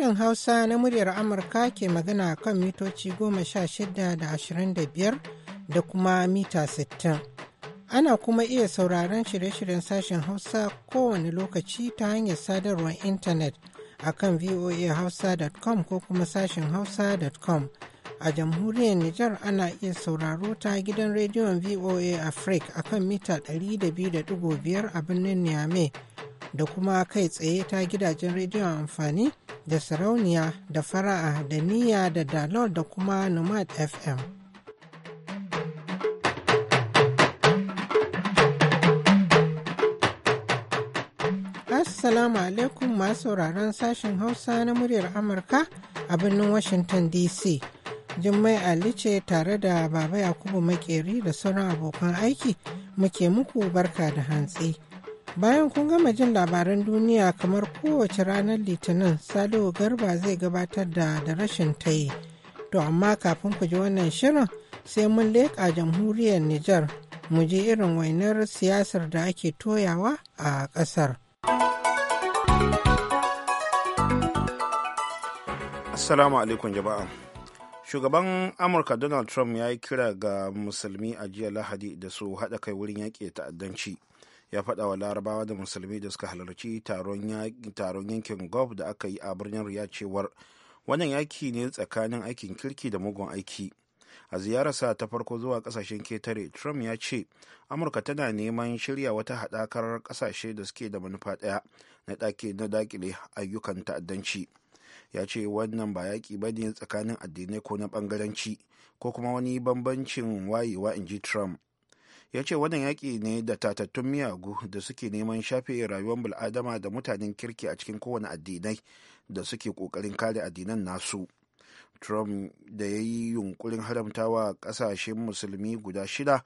Sashen Hausa na muryar Amurka ke magana kan mitoci goma sha shida da ashirin da biyar da kuma mita sittin. Ana kuma iya sauraron shirye-shiryen sashen Hausa kowane lokaci ta hanyar sadarwar intanet a kan voahausa.com ko kuma sashen hausa.com. a jamhuriyar Nijar ana iya sauraro ta gidan rediyon VOA Africa a kan mita 200.5 a birnin Niamey da kuma kai tsaye ta gidajen rediyon amfani da sarauniya da fara'a da niyya da dalar da kuma nomad FM. Assalamu alaikum masu sauraron sashen Hausa na muryar Amurka a birnin Washington DC. Jummai Ali ce tare da Baba Yakubu Makeri da sauran abokan aiki muke muku barka da hantsi. Bayan kun gama jin labaran duniya kamar kowace ranar Litinin, Salihu Garba zai gabatar da da rashin tayi. To amma kafin ku ji wannan shirin sai mun leƙa jamhuriyar Nijar mu ji irin wainar siyasar da ake toyawa a ƙasar. Assalamu alaikum jama'a. shugaban amurka donald trump ya yi kira ga musulmi a jiya lahadi da su haɗa kai wurin yaƙi ta'addanci ya faɗa wa larabawa da musulmi da suka halarci taron yankin gov da aka yi a birnin riya cewar wannan yaƙi ne tsakanin aikin kirki da mugun aiki a ziyararsa ta farko zuwa ƙasashen ketare trump ya ce amurka tana neman shirya wata haɗakar ƙasashe da suke da manufa ɗaya na dakile ayyukan ta'addanci ya ce wannan ba yaƙi ba ne tsakanin addinai ko na ɓangaranci ko kuma wani bambancin wayewa in ji trump ya ce wannan yaƙi ne da tatattun miyagu da suke neman shafe rayuwar bil'adama da mutanen kirki a cikin kowane addinai da suke ƙoƙarin kare addinan nasu trump da ya yi yunkurin haramtawa ƙasashen musulmi guda shida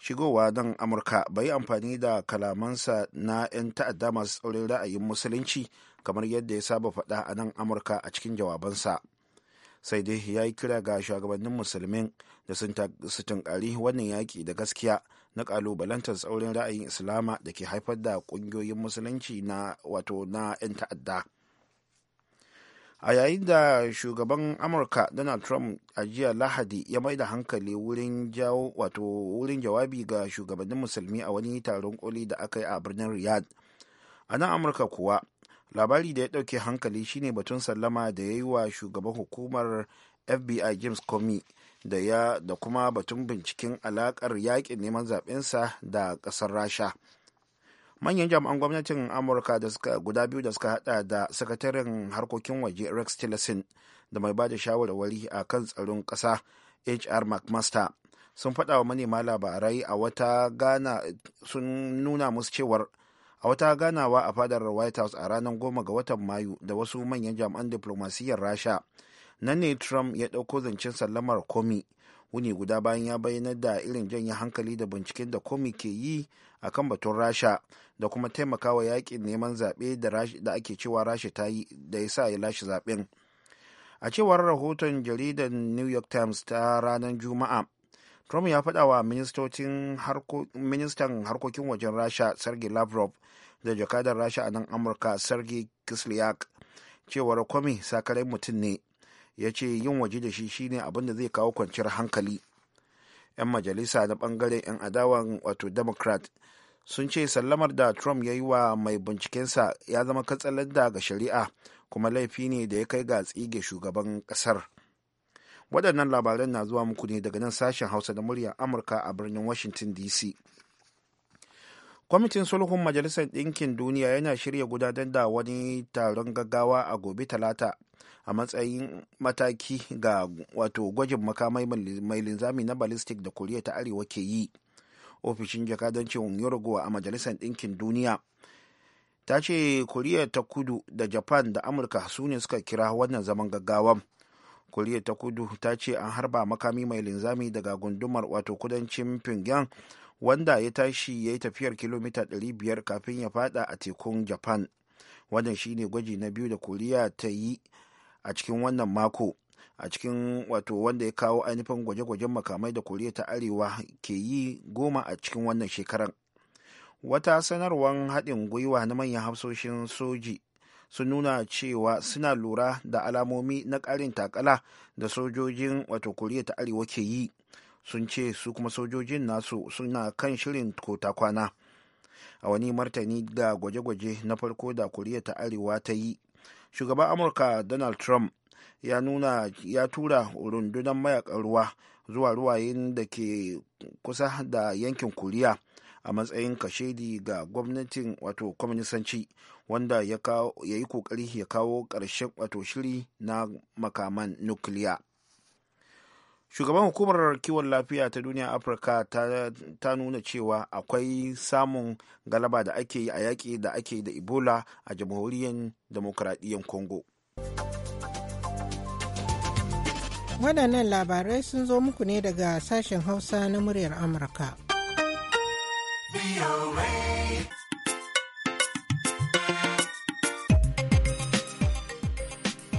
shigowa don amurka bai amfani da kalamansa na 'yan ta'adda masu tsaurin ra'ayin musulunci kamar yadda ya saba faɗa a nan amurka a cikin jawabansa sai dai ya yi kira ga shugabannin musulmin da su tunkari wannan yaƙi da gaskiya na ƙalubalantar tsaurin ra'ayin islama da ke haifar da ƙungiyoyin musulunci na wato na 'yan ta'adda a yayin da shugaban amurka donald trump a jiya lahadi ya mai da hankali wurin jawo wato wurin jawabi ga shugabannin musulmi a wani taron koli da aka yi a birnin riyadh a nan amurka kuwa labari da ya ɗauke hankali shine batun sallama da ya yi wa shugaban hukumar fbi james comey da ya da kuma batun binciken alakar yakin neman zaɓensa da ƙasar rasha manyan jami'an gwamnatin amurka da suka guda biyu da suka hada da sakataren harkokin waje rex tillerson da mai ba da shawarwari a kan tsaron ƙasa hr mcmaster sun faɗa wa manema labarai a wata gana sun nuna musu cewar a wata ganawa a fadar white house a ranar goma ga watan mayu da wasu manyan jami'an diplomasiyyar rasha nan ne trump ya ɗauko zancen sallamar komi wuni guda bayan ya bayyanar da irin janye hankali da binciken da komi ke yi a kan batun rasha da kuma taimakawa yakin neman zaɓe da ake cewa rasha ta yi da ya sa ya lashe zaɓen a cewar rahoton jaridar new york times ta ranar juma'a trump ya faɗa wa ministan harkokin wajen rasha sergei lavrov da jakadar rasha a nan amurka sergei kislyak cewar kwami sakarai mutum ne ya ce yin waje da shi shine abin da zai kawo kwanciyar hankali 'yan majalisa na ɓangare 'yan adawan wato democrat sun ce sallamar da trump ya yi wa mai bincikensa ya zama katsalar da ga shari'a kuma laifi ne da ya kai ga tsige shugaban ƙasar waɗannan labaran na zuwa muku ne daga nan sashen hausa da muryar amurka a birnin washington dc kwamitin sulhun majalisar ɗinkin duniya yana shirya gudanar da wani taron gaggawa a gobe talata a matsayin mataki ga wato gwajin makamai mai linzami na ballistic da koriya ta arewa ke yi ofishin jakadancin yorugowa a majalisar ɗinkin duniya ta ce koriya ta kudu da japan da amurka su ne suka kira wannan zaman gaggawan koriya ta kudu ta ce an harba makami mai linzami daga gundumar wato kudancin pyongyang wanda ya tashi ya yi tafiyar kilomita 500 kafin ya fada a tekun japan wannan shine gwaji na biyu da koriya ta yi a cikin wannan mako a cikin wato wanda ya kawo ainihin gwaje-gwajen makamai da koriya ta arewa ke yi goma a cikin wannan shekaran wata sanarwar haɗin gwiwa na manyan hafsoshin soji sun nuna cewa suna lura da alamomi na ƙarin takala da sojojin wato koriya ta arewa ke yi sun ce su kuma sojojin nasu suna kan shirin kota kwana a wani martani ga gwaje-gwaje na farko da koriya ta arewa ta yi shugaban amurka donald trump ya nuna ya tura rundunar mayakan ruwa zuwa ruwayen da ke kusa da yankin koriya a matsayin kashedi ga gwamnatin wato kwaminisanci wanda ya yi kokari ya kawo ƙarshen wato shiri na makaman nukiliya shugaban hukumar kiwon lafiya ta duniya afirka ta, nuna cewa akwai samun galaba da ake yi a yaƙi da ake da ebola a jamhuriyar demokradiyyar congo waɗannan labarai sun zo muku ne daga sashen hausa na muryar amurka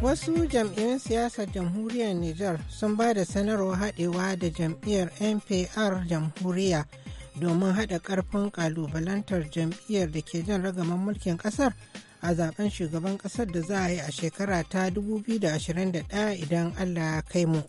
Wasu jam'iyyun siyasar jamhuriyar Nijar sun ba da sanarwar haɗewa da jam'iyyar NPR jamhuriya domin haɗa ƙarfin ƙalubalantar jam'iyyar da ke jan ragaman mulkin ƙasar a zaben shugaban ƙasar da za a yi a shekara ta 2021 idan Allah ya kai mu.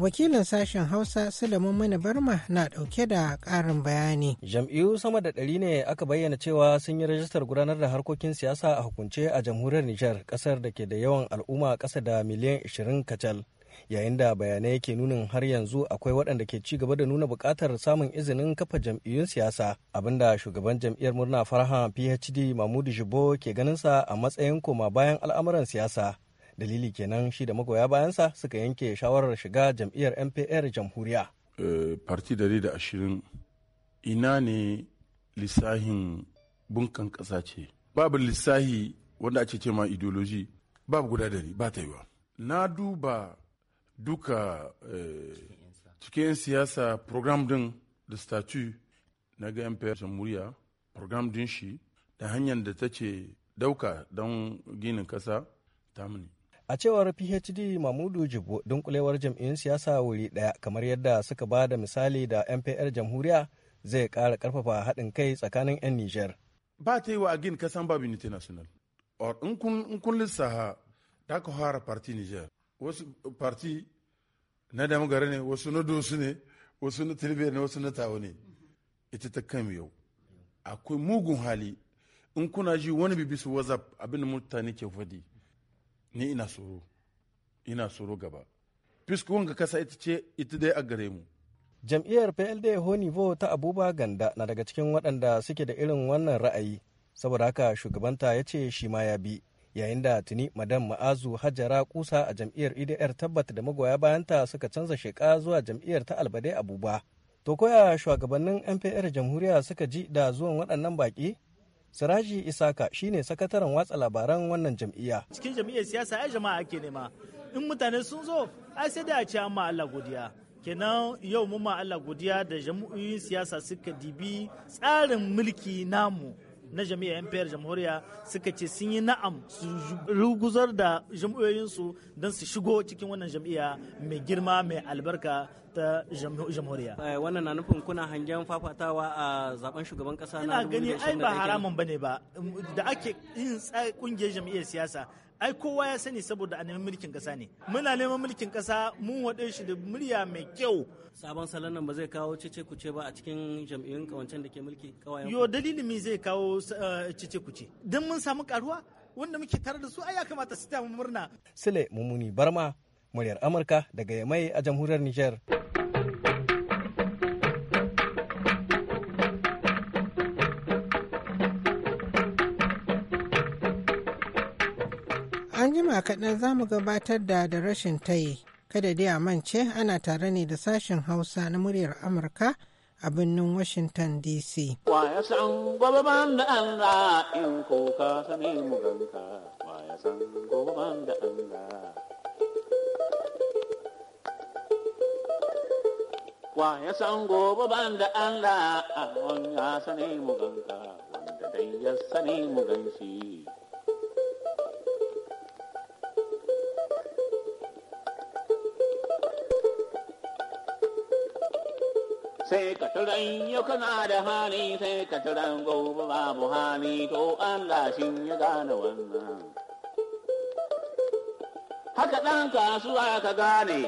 wakilin sashen hausa sulaiman mana barma na dauke da karin bayani jam'iyyu sama da ɗari ne aka bayyana cewa sun yi rajistar gudanar da harkokin siyasa a hukunce a jamhuriyar nijar ƙasar da ke da yawan al'umma ƙasa da miliyan 20 kacal yayin da bayanai ke nunin har yanzu akwai waɗanda ke ci gaba da nuna buƙatar samun izinin kafa jam'iyyun siyasa abinda shugaban jam'iyyar murna farha phd mahmudu jibo ke ganinsa a matsayin koma bayan al'amuran siyasa dalili kenan shi da magoya bayansa suka yanke shawarar shiga jam'iyyar mpr jamhuriya eh, parti dari da ashirin ina ne lissahin bunkan ƙasa ce babu lissahi wanda ake ce ma ideology babu guda dari ba ta yiwa na duba duka eh, cikin siyasa program din da statue na ga mpr jamhuriya program din shi da hanyar da ta ce dauka don ginin ƙasa, ta mini A cewar PhD Mamudu Jibo dunkulewar jam'iyyun siyasa wuri daya kamar yadda suka ba da misali da MPR jamhuriya zai kara karfafa haɗin kai tsakanin 'yan niger. Ba ta yi wa agin kasan babu unity national. Or in kun lissaha da ka fara parti niger. Wasu parti na gari ne, wasu na dosu ne, wasu na tilbe ne, wasu na tawo ne. Ita ta kan yau. Akwai mugun hali in kuna ji wani bibisu whatsapp abin mutane ke fadi ni ina tsoro ina tsoro gaba fiskon ga kasa ita ce ita dai a gare mu jam'iyyar pld honivo ta abuba ganda na daga cikin waɗanda suke da irin wannan ra'ayi saboda haka shugabanta ya ce shi ma ya bi yayin da tuni madam ma'azu hajara kusa a jam'iyyar idr e tabbata da magoya bayanta suka canza sheka zuwa jam'iyyar ta albade abuba to koya shugabannin npr jamhuriya suka ji da zuwan waɗannan baƙi Siraji Isaka shine sakataren watsa labaran wannan jam'iyya. Cikin jam'iyyar siyasa ai jama'a ake nema. In mutane sun zo, ai sai da a ce an ma Allah godiya. Kenan yau mun ma Allah godiya da jam'iyyun siyasa suka dibi tsarin mulki namu. na jami'a fayar jamhuriya suka ce sun yi na'am su ruguzar da jam'iyoyinsu don su shigo cikin wannan jam'iyya mai girma mai albarka ta jamhuriya. Eh, wannan na nufin kuna hangen fafatawa a zaben shugaban kasa na ina gani ai ba haramun bane ba da ake yin kungiyar jam'iyyar siyasa ai kowa ya sani saboda a neman mulkin kasa ne muna neman mulkin kasa mun waɗe shi da murya mai kyau sabon salon nan ba zai kawo cece kuce ba a cikin jam'iyyun kawancen da ke mulki kawai yo dalilin me zai kawo eh, cece kuce dan mun samu karuwa wanda muke tare da su ai ya kamata su ta murna sule mumuni barma muryar amurka daga yamai a jamhuriyar niger jima kaɗan za mu gabatar da da rashin tayi kada dai a mance ana tare ne da sashen hausa na muryar amurka a birnin washington dc Wa ya san gobe ban da Allah a wani sani mu ganka wanda dai ya sani mu ganshi. sai ka turan yau kana da hani, sai ka turan gobe babu hani to Allah shi ya gane wannan. Haka ɗan kasuwa ka gane,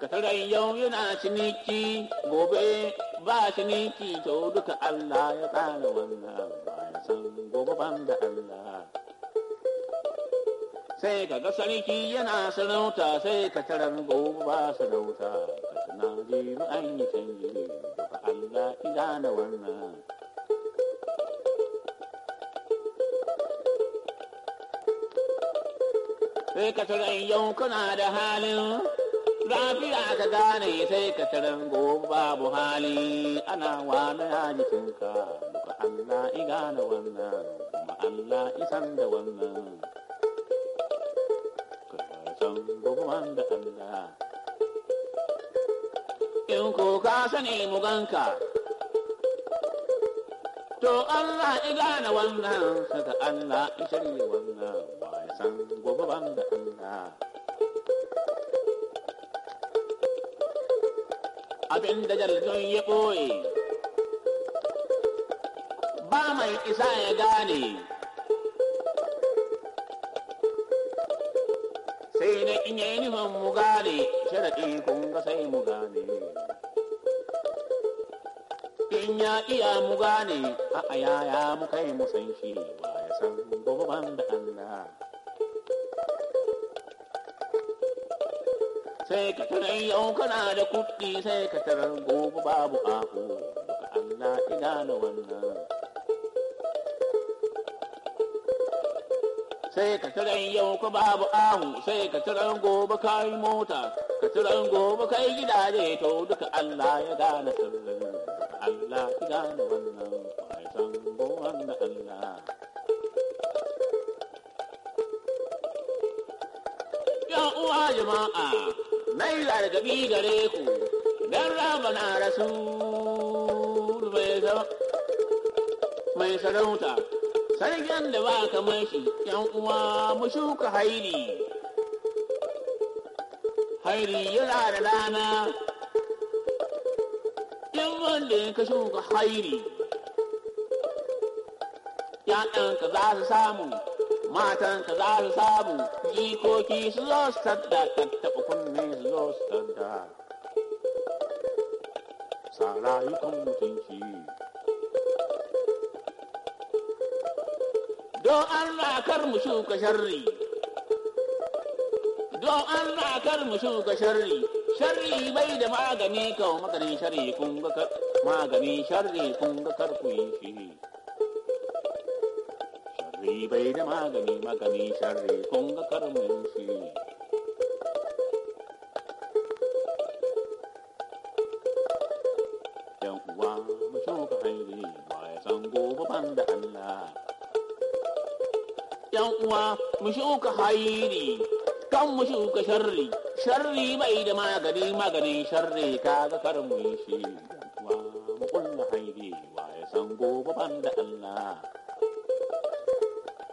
ka turan yau yana ciniki gobe ba ciniki to duka Allah ya gane wannan ba ya san gobe ban da Allah. Sai ka ga sarki yana sarauta sai ka tarar gobe ba sarauta. na biyu an yi ne ba Allah idana wannan. Sai ka tarin yau kuna da halin lafiya ka gane sai ka tarin gobe babu hali ana wani hajjikinka ba Allah igana wannan ba Allah isan da wannan. Ka san gobe da Allah. in ko ka sani muganka. To Allah ya gane wannan, saka Allah ya shirya wannan, ba ya san gobe ban da Allah. Abin da jaldun ya ɓoye, ba mai isa ya gane. da in yi nufin mu gane sharaɗi kun ga sai mu gane in ya iya mu gane a ayaya mu kai mu san shi ba ya san gobe da Allah sai ka yau kana da kuɗi sai ka tarar gobe babu ahu daga Allah ina da wannan sai ka tiran yau ka babu ahu sai ka tiran gobe kai mota ka tiran gobe kai gidaje to duka Allah ya gane sirrin Allah ya gane wannan ai san wannan Allah ya uwa jama'a nai bi gare ku dan ramana rasul mai sarauta Sargen da ba kamar shi, ‘yan uwa mu shuka hairi. Hairi yana da rana, in wanda ka shuka hairi. ka za su samu, matanka za su samu, jikoki su zo su tadda, tattaɓa kunne su zo su tadda. Sa rayukan mutunci. don Allah kar mu shuka sharri don Allah kar mu shuka sharri sharri bai da magani kawo maganin sharri kun ga magani sharri kun ga kar ku yi shi sharri bai da magani magani, sharri kun ga kar mu yi shi yan uwa mu shuka hanyoyi ba ya san gobe ban da Allah dan uwa mu shuka hairi kan mu shuka sharri sharri mai da magani maganin sharri ta kar mu yi shi mu kulla hairi wa ya san gobe da Allah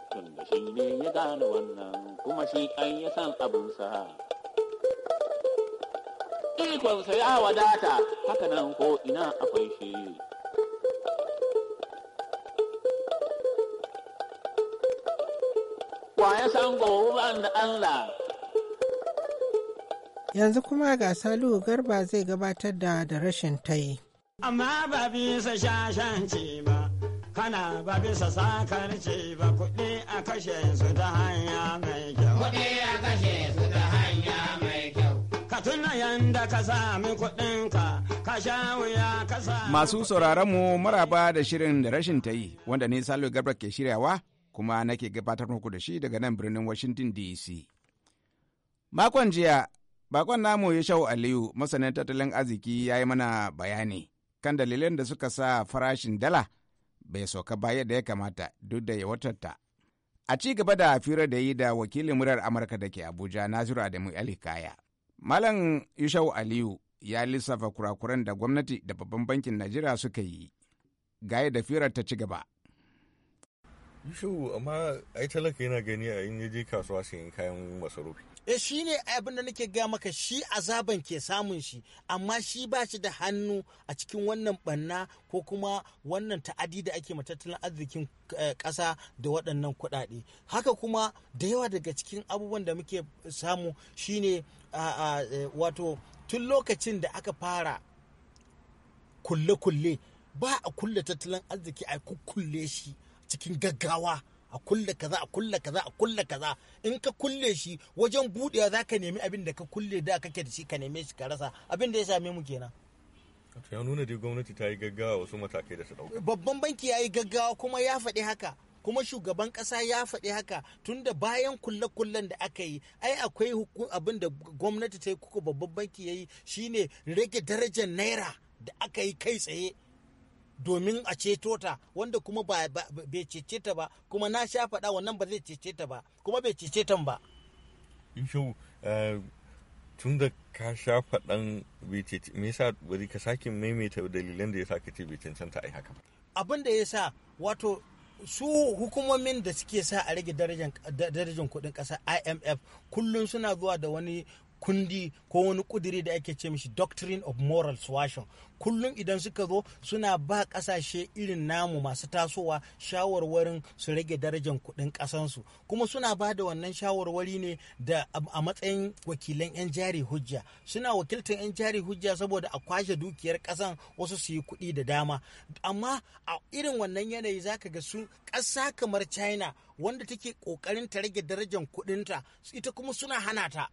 tunda shi ne ya gane wannan kuma shi an ya san abunsa ikonsa ya wadata hakanan ko ina akwai shi ya san gobe Allah. Yanzu kuma ga Salihu Garba zai gabatar da da rashin tayi. Amma ba bisa shashanci ba, kana ba bisa sakarci ba kuɗi a kashe su ta hanya mai kyau. Kuɗi a kashe su ta hanya mai kyau. Ka tuna yanda ka sami kuɗinka. Masu sauraron mu maraba da shirin da rashin ta yi, wanda ne Salu Garba ke shiryawa kuma nake gabatar muku da shi daga nan birnin Washington DC. Makon jiya, bakon namu ya shau Aliyu masanin tattalin arziki ya yi mana bayani kan dalilan da suka sa farashin dala bai sauka ba da ya kamata duk da yawatarta. A ci gaba da fira da yi da wakilin murar Amurka da ke Abuja Nasiru Adamu Ali Kaya. Malam Yushau Aliyu ya lissafa kurakuran da gwamnati da babban bankin Najeriya suka yi. Gaya da firar ta ci gaba. Yusufu, amma ai talaka yana gani a in yaje kasuwa sayan kayan masarufi. E eh, shi ne abin da nake ga maka shi azaban ke samun shi amma shi ba shi da hannu a cikin wannan banna ko kuma wannan ta'adi da ake matattalin arzikin kasa eh, da waɗannan kuɗaɗe. Haka kuma da yawa daga cikin abubuwan da muke samu shine eh, wato tun lokacin da aka fara kulle-kulle ba a kulle tattalin arziki a kukkulle shi. cikin gaggawa a kulle kaza a kulle kaza a kulle kaza in ka kulle shi wajen budewa za ka nemi abin da ka kulle da kake da shi ka neme shi ka rasa abin da ya same mu kenan ya nuna dai gwamnati ta yi gaggawa wasu matakai da su dauka babban banki ya yi gaggawa kuma ya faɗi haka kuma shugaban ƙasa ya faɗi haka tunda bayan kulle-kullen da aka yi ai akwai abin da gwamnati ta yi kuka babban banki ya yi shine rage darajar naira da aka yi kai tsaye domin a ceto ta wanda kuma ba bai cece ta ba kuma na sha faɗa wannan ba zai cece ta ba kuma bai cece ta ba yau eh, tun da ka sha faɗan me yasa bari ka sake maimaita dalilan da ya sa ka ce bai cancanta ai haka abin da ya sa wato su hukumomin da suke sa a rage darajar kudin kasa imf kullum suna zuwa da wani kundi ko wani kudiri da ake ce mishi doctrine of moral suasion kullum idan suka zo suna ba kasashe irin namu masu tasowa shawarwarin su rage darajar kuɗin kasansu kuma suna ba da wannan shawarwari ne da a matsayin wakilan 'yan jari hujja suna wakiltar 'yan jari hujja saboda a kwashe dukiyar kasan wasu su yi kuɗi da dama amma a irin wannan yanayi zaka ga su kasa kamar china wanda take kokarin ta rage darajar ta ita kuma suna hana ta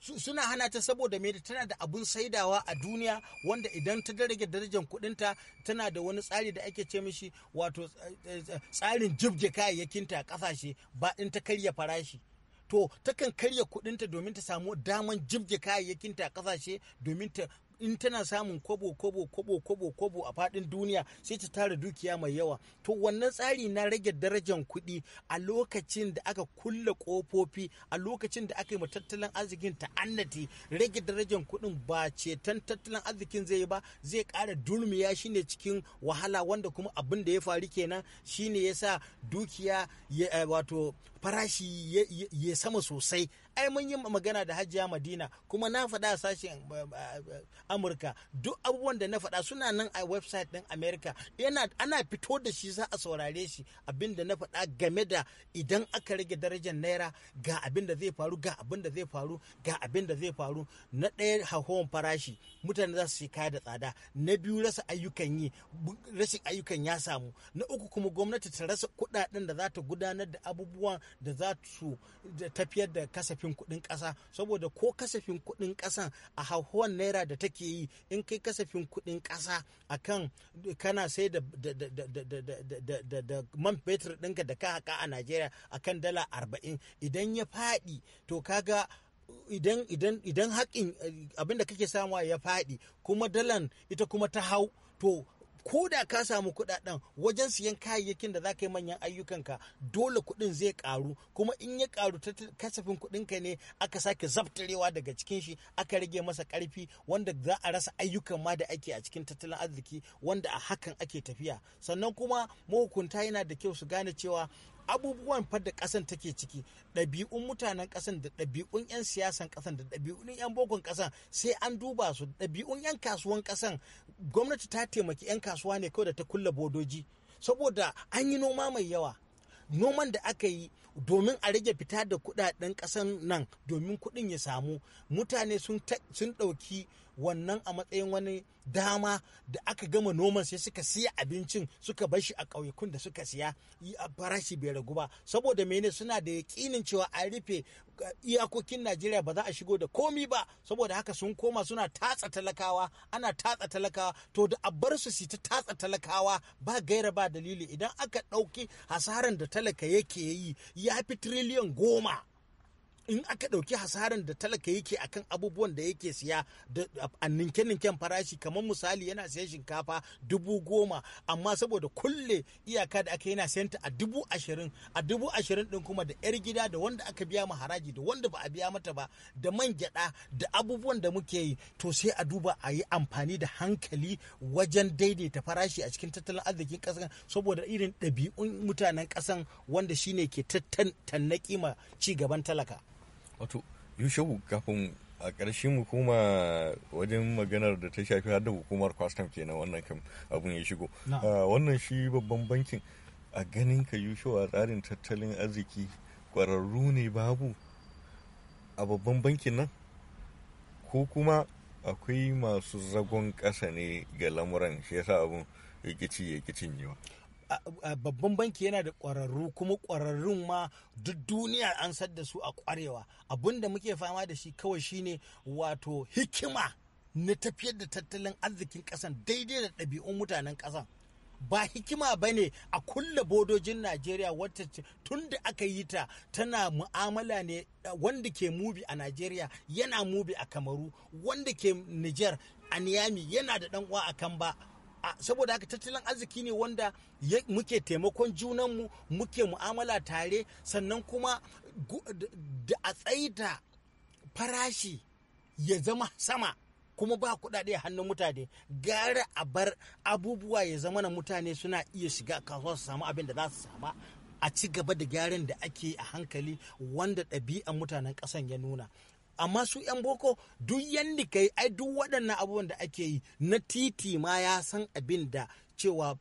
suna hana ta saboda me tana da abun saidawa a duniya wanda idan ta rage darajar kudinta tana da wani tsari da ake ce mishi wato eh, eh, eh, tsarin jibge kayayyakinta a kasashe ba in ta karya farashi to takan karya kudinta domin ta samu daman jibge kayayyakinta a kasashe domin ta in tana samun kobo kobo kobo kobo kobo a fadin duniya sai ta tara dukiya mai yawa to wannan tsari na rage darajar kuɗi a lokacin da aka kulle kofofi a lokacin da aka yi tattalin arzikin ta'annati rage darajar kuɗin ba ceton tattalin arzikin zai yi ba zai ƙara durmiya shine cikin wahala wanda kuma abin da ya faru kenan shine yasa dukiya eh, wato farashi ya sama sosai ai mun yi magana da hajiya madina kuma na faɗa a sashen amurka duk abubuwan da na faɗa suna nan a website ɗin america yana ana fito da shi za a saurare shi abin da na faɗa game da idan aka rage darajar naira ga abin da zai faru ga abin da zai faru ga abin da zai faru na ɗaya hauhawan farashi mutane za su yi kaya da tsada na biyu rasa ayyukan yi rashin ayyukan ya samu na uku kuma gwamnati ta rasa kuɗaɗen da za ta gudanar da abubuwan da za su tafiyar da kasafin kasafin kuɗin ƙasa saboda ko kasafin kuɗin ƙasan a hauhawan naira da take yi in kai kasafin kuɗin ƙasa kan kana sai da man fetur ɗinka da ka haƙa a najeriya a kan dala arba'in idan ya faɗi to kaga idan idan idan haƙin eh, abinda kake samuwa ya faɗi kuma dalan ita kuma ta hau to ko da ka samu kuɗaɗen wajen siyan kayayyakin da za ka yi manyan ayyukanka dole kuɗin zai ƙaru kuma in ya karu ta kasafin kuɗinka ne aka sake zabtarewa daga cikin shi aka rage masa karfi wanda za a rasa ayyukan ma da ake a cikin tattalin arziki wanda a hakan ake tafiya sannan kuma mahukunta yana da kyau su gane cewa abubuwan fadda da ƙasan take ciki ɗabi'un mutanen kasan da ɗabi'un 'yan siyasan ƙasan da ɗabi'un 'yan bokon ƙasan sai an duba su ɗabi'un 'yan kasuwan ƙasan gwamnati ta taimaki 'yan kasuwa ne kawai da ta kulle bodoji saboda an yi noma mai yawa noman da aka yi domin a rage fita da kudaden kasan nan domin kudin ya samu mutane sun ɗauki wannan a matsayin wani dama da aka gama noman sai suka siya abincin suka bar shi a ƙauyukun da suka siya a farashi bai ragu ba saboda mene suna da yaƙinin cewa a rufe eh, iyakokin najeriya ba za a shigo da komi ba saboda haka sun koma suna tatsa talakawa ana tatsa talakawa to da a bar su ta tatsa talakawa ba gaira ba dalili idan aka ɗauki hasaran da talaka yake yi ya fi tiriliyan goma in aka ɗauki hasarin da talaka yake akan abubuwan da yake siya a ninke ninken farashi kamar misali yana siyan shinkafa dubu goma amma saboda kulle iyaka da aka yana siyan a dubu ashirin a dubu ashirin ɗin kuma da yar gida da wanda aka biya ma haraji da wanda ba a biya mata ba da man gyaɗa da abubuwan da muke yi to sai a duba a yi amfani da hankali wajen daidaita farashi a cikin tattalin arzikin ƙasar saboda irin ɗabi'un mutanen ƙasan wanda shine ke tattan na kima ci gaban talaka. wato yushewu kafin a karshen mu wajen maganar da ta shafi har hukumar kwastam kenan wannan kam abun ya shigo ah, wannan shi babban bankin a ganin ka yushewa tsarin tattalin arziki kwararru ne babu a babban bankin nan ko kuma akwai masu zagon ƙasa ne ga lamuran shi yasa abun rikici ya kicin yiwa. babban banki yana da ƙwararru kuma ƙwararrun ma duk duniya an sad da su a ƙwarewa abin da muke fama da shi kawai shine wato hikima na tafiyar da tattalin arzikin ƙasan daidai da ɗabi'un mutanen ƙasan ba hikima ba ne a kulle bodojin najeriya wacce tun da aka yi ta tana mu'amala ne eh, wanda ke mubi a najeriya yana mubi a kamaru wanda ke niger a niyami yana da ɗan uwa a ba. saboda haka tattalin arziki ne wanda muke taimakon junanmu muke mu'amala tare sannan kuma da a tsaida farashi ya zama sama kuma ba kuɗaɗe a hannun mutane gara a bar abubuwa ya zama na mutane suna iya shiga kasuwa su samu abin da za su sama a ci gaba da gyaran da ake a hankali wanda ɗabi'an mutanen ƙasan ya nuna amma su 'yan boko duk yadda ka yi ai duk waɗannan abubuwan da ake yi na titi ma ya san abin da cewa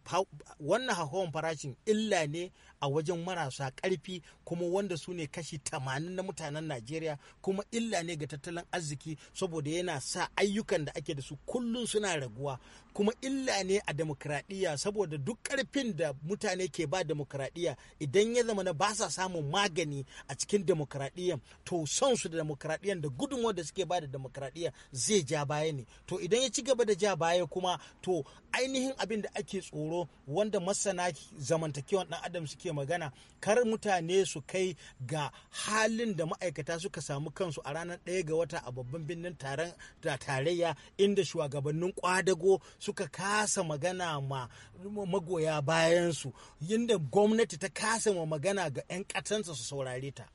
wannan hakowar farashin illa ne a wajen marasa ƙarfi kuma wanda su ne kashi tamanin na mutanen najeriya kuma illa ne ga tattalin arziki saboda yana sa ayyukan da ake da su kullum suna raguwa kuma illa ne a demokradiyya saboda duk ƙarfin da mutane ke ba demokradiyya idan ya zama na ba sa samun magani a cikin demokradiyya to son su da demokradiyya da gudunmawar da suke ba da demokradiyya zai ja baya ne to idan ya ci gaba da ja baya kuma to ainihin abin da ake tsoro wanda masana zamantakewan dan adam suke suke magana kar mutane su kai ga halin da ma'aikata suka samu kansu a ranar ɗaya ga wata a babban birnin taron da tarayya inda shugabannin kwadago suka kasa magana ma magoya bayansu inda gwamnati ta kasa ma magana ga 'yan katansa su saurare ta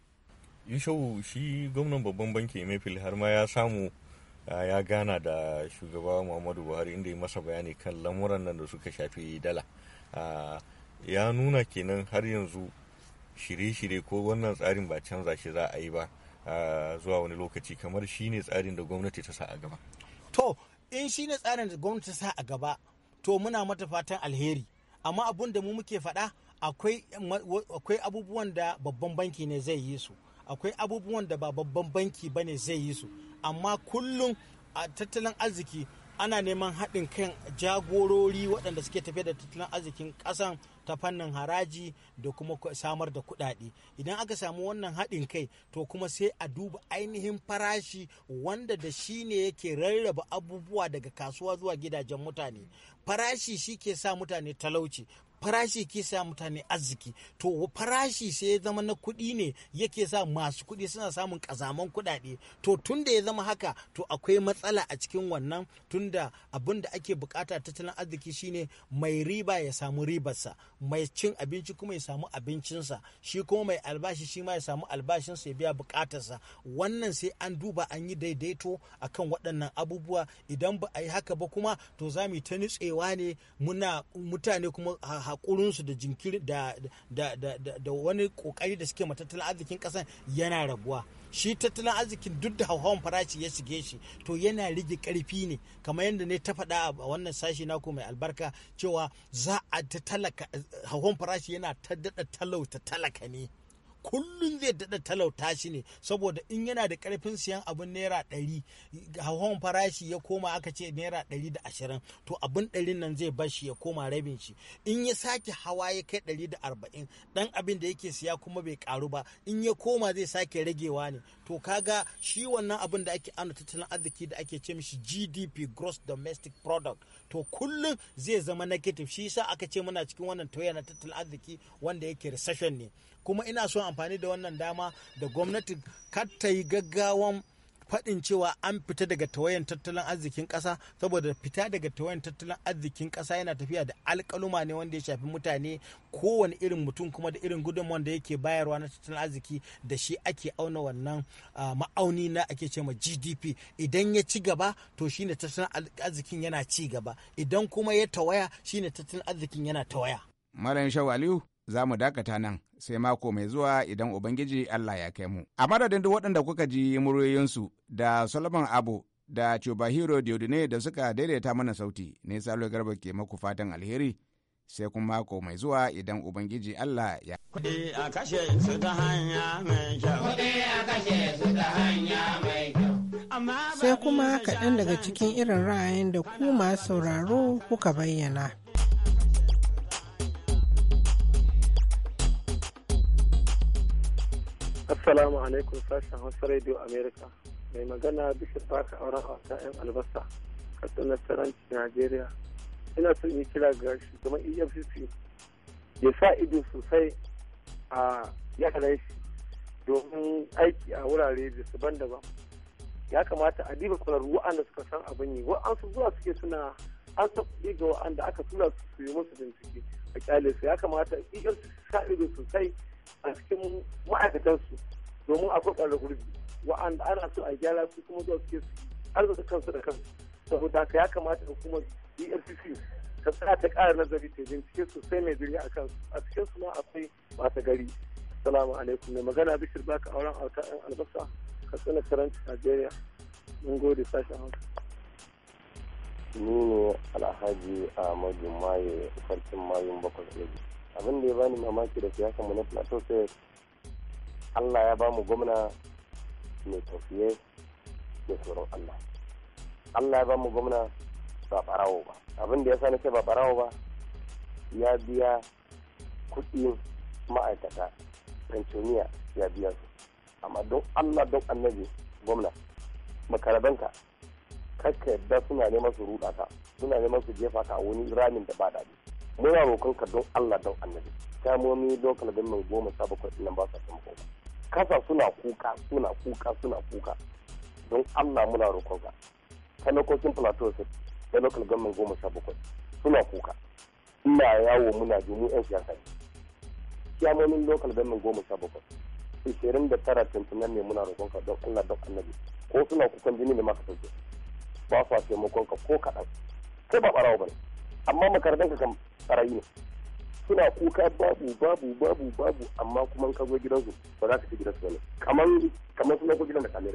yushau shi gwamnan babban banki emefiel har ma ya samu ya gana da shugaba muhammadu buhari inda yi masa bayani kan lamuran nan da suka shafi dala ya nuna kenan har yanzu shirye-shirye ko wannan tsarin ba canza shi za a yi ba zuwa wani lokaci kamar shi ne tsarin da gwamnati ta sa a gaba. To, in shi ne tsarin da gwamnati ta sa a gaba, to muna mata fatan alheri. Amma abun da mu muke faɗa akwai abubuwan da babban banki ne zai yi su, akwai abubuwan da ba babban banki ba ne zai yi su. Amma kullum a tattalin arziki ana neman haɗin kan jagorori waɗanda suke tafiya da tattalin arzikin ƙasan ta fannin haraji da kuma samar da kuɗaɗe idan aka samu wannan haɗin kai to kuma sai a duba ainihin farashi wanda da shi ne yake rarraba abubuwa daga kasuwa zuwa gidajen mutane farashi shi ke sa mutane talauci farashi ke sa mutane arziki to farashi sai ya zama na kuɗi ne yake sa masu kuɗi suna samun ƙazaman kuɗaɗe to tun da ya zama haka to akwai matsala a cikin wannan tun da abin da ake bukata tattalin arziki shine mai riba ya samu ribarsa mai cin abinci kuma ya samu abincinsa shi kuma mai albashi shi ma ya samu albashinsa ya biya bukatarsa wannan sai an duba an yi daidaito akan waɗannan abubuwa idan ba a yi haka ba kuma to za mu ta nutsewa ne muna mutane kuma hakurinsu da jinkiri da, da, da, da, wani ƙoƙari da suke tattalin arzikin ƙasar yana rabuwa shi tattalin arzikin duk da hauhawan farashi ya shige shi to yana rige karfi ne kamar yadda ne ta faɗa a wannan sashi naku mai albarka cewa za a ta talaka hauhawan farashi yana ta daɗa talauta talaka ne kullum zai daɗa talauta shi ne saboda in yana da ƙarfin siyan abin naira ɗari hawan farashi ya koma aka ce naira ɗari da ashirin to abin ɗarin nan zai shi ya koma rabin shi in ya sake hawa ya kai ɗari da arba'in ɗan abin da yake siya kuma bai ƙaru ba in ya koma zai sake ragewa ne to kaga shi wannan abin da ake ana tattalin arziki da ake ce mishi GDP gross domestic product to kullum zai zama negative shi yasa aka ce muna cikin wannan taya na tattalin arziki wanda yake recession ne kuma ina so amfani da wannan dama da gwamnati kar ta yi gaggawan faɗin cewa an fita daga tawayan tattalin arzikin ƙasa saboda fita daga tawayan tattalin arzikin ƙasa yana tafiya da alƙaluma ne wanda ya shafi mutane kowane irin mutum kuma da irin gudunmawar da yake bayarwa na tattalin arziki da shi ake auna wannan ah, ma'auni na ake ce ma gdp idan ya ci gaba to shi ne tattalin arzikin yana ci gaba idan kuma ya tawaya shi ne tattalin arzikin yana tawaya malam shawaliu za mu dakata nan sai mako mai zuwa idan Ubangiji Allah ya kai mu. A madadin duk waɗanda kuka ji muryoyinsu da Solomon Abu da Chubahiro Diodune da suka daidaita mana sauti, ne Salo Garba ke maku fatan alheri. Sai kuma mako mai zuwa idan Ubangiji Allah ya. Kuɗi a kashe su ta hanya mai kyau. Kuɗi a kashe su ta hanya mai kyau. Sai kuma kaɗan daga cikin irin ra'ayin da ku masu sauraro kuka bayyana. Assalamu alaikum sashen Hausa Radio America. Mai magana bisa baka auren hausa 'yan albasa. Katsina Taranci, Najeriya. Ina son yi kira ga kuma EFCC ya sa ido sosai a yaran shi domin aiki a wurare da su ban daban Ya kamata a diba kwararru wa'anda suka san abin yi. Wa'ansu zuwa suke suna an taɓa ga wa'anda aka tura su yi musu bincike a kyale su. Ya kamata EFCC sa ido sosai a cikin ma'aikatansu domin a gurɓar gurbi wa'anda ana so a gyara su kuma zuwa suke su arzuta kansu da kansu saboda haka ya kamata hukumar efcc ta tsaya ta ƙara nazari ta bincike sosai mai zuri a kansu a cikin su ma akwai masu gari salamu alaikum mai magana bishir baka auren auta yan albasa katsina tsina karanci najeriya mun gode sashen hausa ni ne alhaji ahmadu maye farkin mayun bakwai abin da ya bani mamaki da siyasa mu na plateau sai allah ya bamu gwamna mai tafiye da tsoron allah allah ya bamu gwamna ba barawo ba abin da ya sa ce ba barawo ba ya biya kuɗi ma'aikata pensioniya ya biya su amma don allah don annabi gwamna makarabanka kakka yadda suna neman su ruɗa ka suna neman su jefa ka a wani ramin da ba daɗi muna roƙon ka don Allah don annabi don local mai goma sha bakwai nan ba sa taimako kasa suna kuka suna kuka suna kuka don Allah muna roƙon ka talakokin plateau sai da local government goma sha bakwai suna kuka ina yawo muna ji mu yan siyasa ne kyamomin local government goma sha bakwai ishirin da tara tuntunan ne muna roƙon ka don Allah don annabi ko suna kukan jini ne ma maka sauke ba sa taimakon ka ko kaɗan kai ba ɓarawo ba ne amma makarantar ka ƙarayi ne suna kuka babu babu babu babu amma kuma ka zo gidansu ba za ka ci gidansu bane kamar kamar suna ko gidan da kamar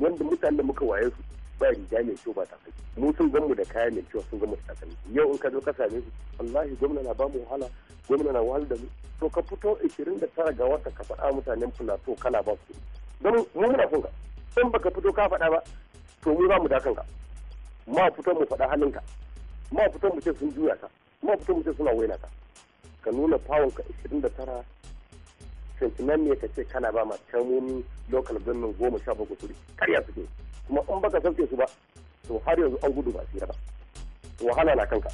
wanda mutane muka waye su ba riga mai kyau ba ta kai mu sun gamu da kaya mai kyau sun gamu da takalmi yau in ka zo ka same su wallahi gwamna na bamu wahala gwamna na wahala da mu to ka fito 29 ga wata ka faɗa mutanen to kana ba su don mu muna kunka ka in baka fito ka faɗa ba to mu za mu dakan ka ma fito mu faɗa halinka ma fito mu ce sun juya ka kuma fito mutum suna waina ka ka nuna pawon ka 29 29 ne ka ce kana ba ma kalmomi local government goma sha bakwai turi karya suke kuma in baka sauke su ba to har yanzu an gudu ba tsira ba wahala na kanka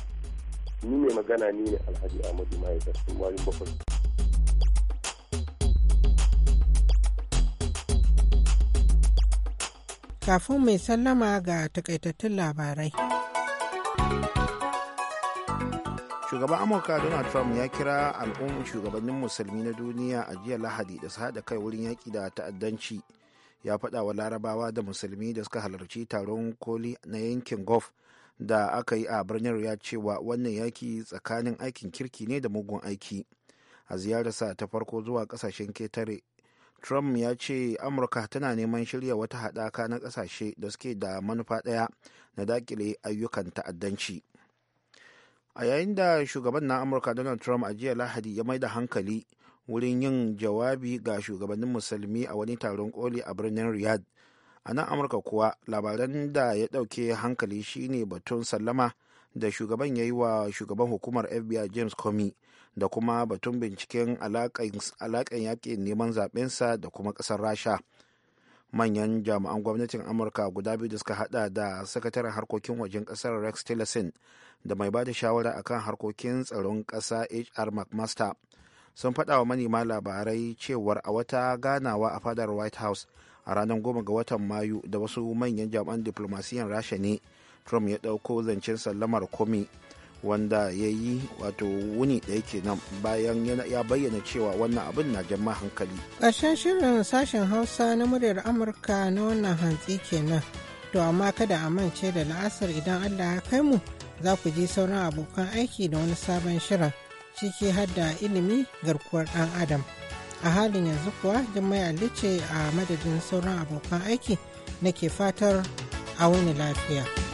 ni ne magana ni ne alhaji ahmadu ma'aikar sun warin bakwai kafin mai sallama ga takaitattun labarai shugaban amurka donald trump ya kira al'ummar shugabannin musulmi na duniya a jiya lahadi da su haɗa kai wurin yaƙi da ta'addanci ya faɗa wa larabawa da musulmi da suka halarci taron koli na yankin gulf da aka yi a birnin ya cewa wannan yaƙi tsakanin aikin kirki ne da mugun aiki a ziyararsa ta farko zuwa ƙasashen ketare trump ya ce amurka tana neman shirya wata haɗaka na ƙasashe da suke da manufa ɗaya na daƙile ayyukan ta'addanci a yayin da shugaban na amurka donald trump a jiya lahadi ya mai da hankali wurin yin jawabi ga shugabannin musulmi a wani taron koli a birnin riyadh a nan amurka kuwa labaran da ya dauke hankali shine batun sallama da shugaban ya yi wa shugaban hukumar fbi james comey da kuma batun binciken alaƙan yaƙin neman zaɓensa da kuma ƙasar rasha manyan jami'an gwamnatin amurka guda biyu da suka hada da sakataren harkokin wajen kasar rex tillerson da mai ba da shawara a kan harkokin tsaron kasa hr mcmaster sun faɗawa wa manema labarai cewar a wata ganawa a fadar white house a ranar goma ga watan mayu da wasu manyan jami'an diplomasiyan rasha ne trump ya ɗauko zancen sallamar komi wanda ya yi wato wuni ɗaya kenan bayan ya bayyana cewa wannan abin na jama hankali. ƙarshen shirin sashen hausa na muryar amurka na wannan hantsi kenan to amma kada a mance da la'asar idan allah ya kai mu za ku ji sauran abokan aiki da wani sabon shirin ciki har da ilimi garkuwar ɗan adam a halin yanzu kuwa jimai alice a madadin sauran abokan aiki nake fatar a wani lafiya.